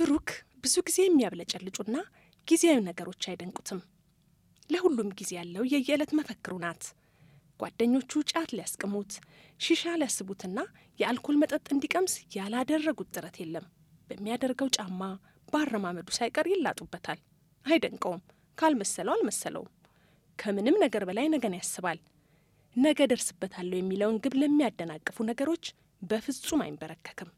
ብሩክ ብዙ ጊዜ የሚያብለጨልጩና ጊዜያዊ ነገሮች አይደንቁትም። ለሁሉም ጊዜ ያለው የየዕለት መፈክሩ ናት። ጓደኞቹ ጫት ሊያስቅሙት፣ ሺሻ ሊያስቡትና የአልኮል መጠጥ እንዲቀምስ ያላደረጉት ጥረት የለም። በሚያደርገው ጫማ በአረማመዱ ሳይቀር ይላጡበታል። አይደንቀውም። ካልመሰለው አልመሰለውም። ከምንም ነገር በላይ ነገን ያስባል። ነገ ደርስበታለሁ የሚለውን ግብ ለሚያደናቅፉ ነገሮች በፍጹም አይንበረከክም።